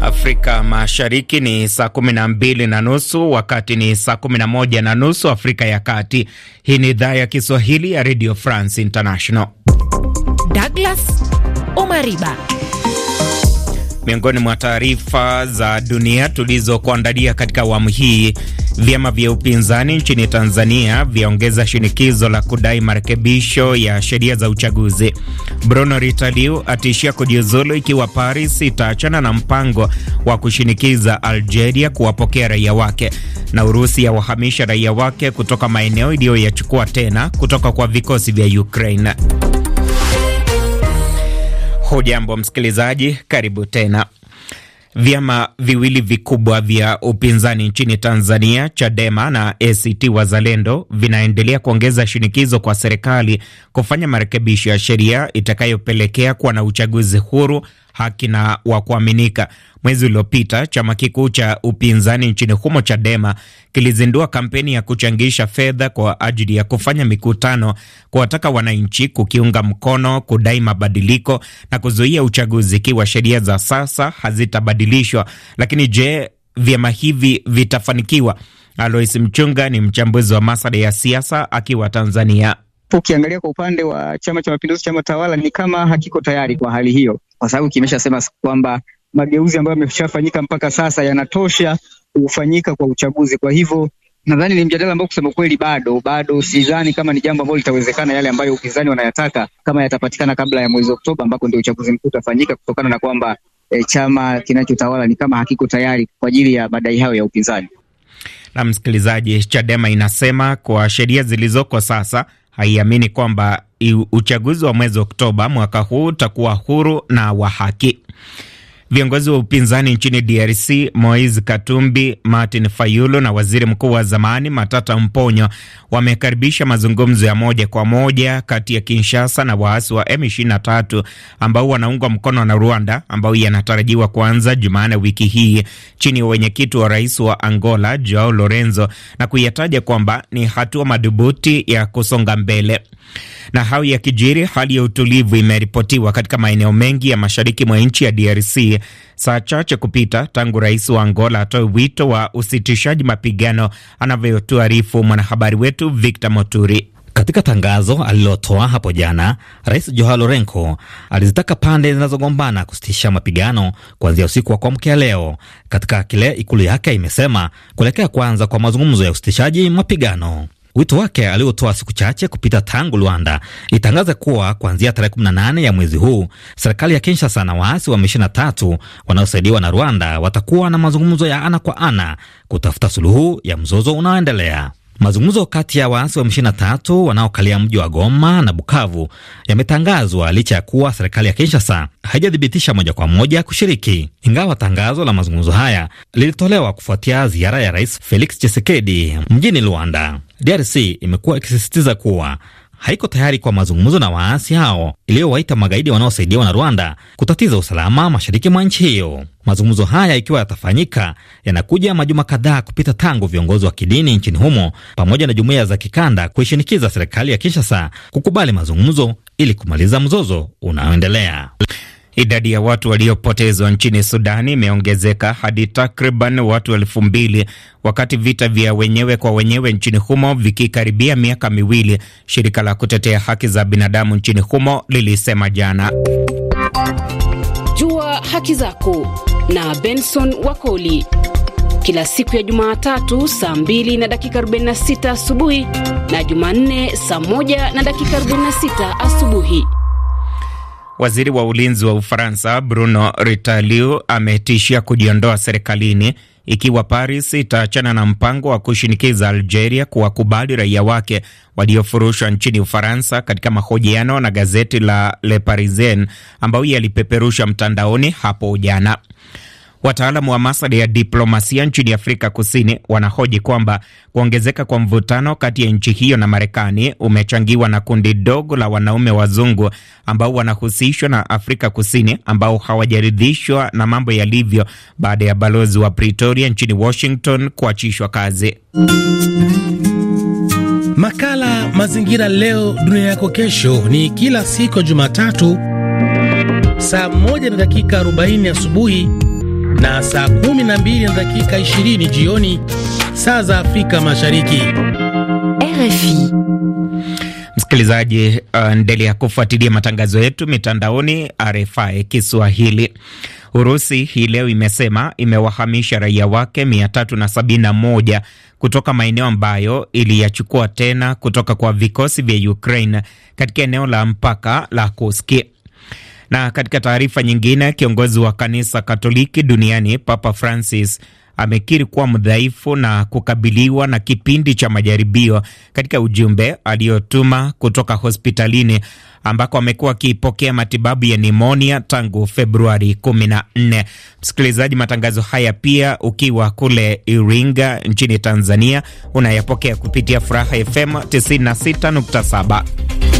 Afrika Mashariki ni saa kumi na mbili na nusu wakati ni saa kumi na moja na nusu Afrika ya Kati. Hii ni idhaa ya Kiswahili ya Radio France International. Douglas Omariba, miongoni mwa taarifa za dunia tulizokuandalia katika awamu hii Vyama vya upinzani nchini Tanzania vyaongeza shinikizo la kudai marekebisho ya sheria za uchaguzi. Bruno Ritaliu atishia kujiuzulu ikiwa Paris itaachana na mpango wa kushinikiza Algeria kuwapokea raia wake, na Urusi yawahamisha raia wake kutoka maeneo iliyoyachukua tena kutoka kwa vikosi vya Ukraine. Hujambo msikilizaji, karibu tena. Vyama viwili vikubwa vya upinzani nchini Tanzania, Chadema na ACT Wazalendo, vinaendelea kuongeza shinikizo kwa serikali kufanya marekebisho ya sheria itakayopelekea kuwa na uchaguzi huru haki na wa kuaminika. Mwezi uliopita chama kikuu cha upinzani nchini humo Chadema kilizindua kampeni ya kuchangisha fedha kwa ajili ya kufanya mikutano kuwataka wananchi kukiunga mkono, kudai mabadiliko na kuzuia uchaguzi ikiwa sheria za sasa hazitabadilishwa. Lakini je, vyama hivi vitafanikiwa? Alois Mchunga ni mchambuzi wa masuala ya siasa akiwa Tanzania. Ukiangalia kwa upande wa Chama cha Mapinduzi, chama tawala, ni kama hakiko tayari kwa hali hiyo kwa sababu kimeshasema kwamba mageuzi ambayo yameshafanyika mpaka sasa yanatosha kufanyika kwa uchaguzi. Kwa hivyo nadhani ni mjadala ambao kusema kweli bado bado, sidhani kama ni jambo ambalo litawezekana, yale ambayo upinzani wanayataka kama yatapatikana kabla ya mwezi Oktoba, ambako ndio uchaguzi mkuu utafanyika, kutokana na kwamba e, chama kinachotawala ni kama hakiko tayari kwa ajili ya madai hayo ya upinzani. Na msikilizaji, Chadema inasema kwa sheria zilizoko sasa haiamini kwamba uchaguzi wa mwezi Oktoba mwaka huu utakuwa huru na wa haki. Viongozi wa upinzani nchini DRC Moise Katumbi, Martin Fayulu na waziri mkuu wa zamani Matata Mponyo wamekaribisha mazungumzo ya moja kwa moja kati ya Kinshasa na waasi wa M23 ambao wanaungwa mkono na Rwanda, ambao yanatarajiwa kuanza Jumanne wiki hii chini ya wenyekiti wa rais wa Angola Joao Lorenzo, na kuyataja kwamba ni hatua madhubuti ya kusonga mbele. Na hayo kijiri hali ya utulivu imeripotiwa katika maeneo mengi ya mashariki mwa nchi ya DRC saa chache kupita tangu rais wa Angola atoe wito wa usitishaji mapigano, anavyotuarifu mwanahabari wetu Victor Moturi. Katika tangazo alilotoa hapo jana, Rais Joao Lourenco alizitaka pande zinazogombana kusitisha mapigano kuanzia usiku wa kuamkia leo, katika kile ikulu yake imesema kuelekea kwanza kwa mazungumzo ya usitishaji mapigano. Wito wake aliotoa siku chache kupita tangu Rwanda itangaza kuwa kuanzia tarehe 18 ya mwezi huu serikali ya Kinshasa na waasi wa M23 wanaosaidiwa na Rwanda watakuwa na mazungumzo ya ana kwa ana kutafuta suluhu ya mzozo unaoendelea. Mazungumzo kati ya waasi wa M23 wanaokalia mji wa Goma na Bukavu yametangazwa licha ya kuwa serikali ya Kinshasa haijathibitisha moja kwa moja kushiriki, ingawa tangazo la mazungumzo haya lilitolewa kufuatia ziara ya Rais Felix Tshisekedi mjini Luanda. DRC imekuwa ikisisitiza kuwa haiko tayari kwa mazungumzo na waasi hao iliyowaita magaidi wanaosaidiwa na Rwanda kutatiza usalama mashariki mwa nchi hiyo. Mazungumzo haya ikiwa yatafanyika, yanakuja majuma kadhaa kupita tangu viongozi wa kidini nchini humo pamoja na jumuiya za kikanda kuishinikiza serikali ya Kinshasa kukubali mazungumzo ili kumaliza mzozo unaoendelea. Idadi ya watu waliopotezwa nchini Sudani imeongezeka hadi takriban watu elfu mbili wakati vita vya wenyewe kwa wenyewe nchini humo vikikaribia miaka miwili, shirika la kutetea haki za binadamu nchini humo lilisema jana. Jua haki zako na Benson Wakoli kila siku ya Jumatatu saa 2 na dakika 46 asubuhi na Jumanne saa 1 na dakika 46 asubuhi. Waziri wa ulinzi wa Ufaransa Bruno Retailleau ametishia kujiondoa serikalini ikiwa Paris itaachana na mpango wa kushinikiza Algeria kuwakubali raia wake waliofurushwa nchini Ufaransa, katika mahojiano na gazeti la Le Parisien ambayo yalipeperusha mtandaoni hapo jana. Wataalamu wa masuala ya diplomasia nchini Afrika Kusini wanahoji kwamba kuongezeka kwa mvutano kati ya nchi hiyo na Marekani umechangiwa na kundi dogo la wanaume wazungu ambao wanahusishwa na Afrika Kusini ambao hawajaridhishwa na mambo yalivyo baada ya balozi wa Pretoria nchini Washington kuachishwa kazi. Makala Mazingira Leo Dunia Yako Kesho ni kila siku ya Jumatatu saa 1 na dakika 40 asubuhi na saa 12 na dakika 20 jioni saa za Afrika Mashariki. RFI Msikilizaji, uh, endelea uh, kufuatilia matangazo yetu mitandaoni RFI Kiswahili. Urusi hii leo imesema imewahamisha raia wake 371 kutoka maeneo ambayo iliyachukua tena kutoka kwa vikosi vya Ukraine katika eneo la mpaka la Kuski. Na katika taarifa nyingine, kiongozi wa kanisa Katoliki duniani Papa Francis amekiri kuwa mdhaifu na kukabiliwa na kipindi cha majaribio katika ujumbe aliyotuma kutoka hospitalini ambako amekuwa akipokea matibabu ya nimonia tangu Februari 14. Msikilizaji, matangazo haya pia ukiwa kule Iringa nchini Tanzania unayapokea kupitia Furaha FM 96.7.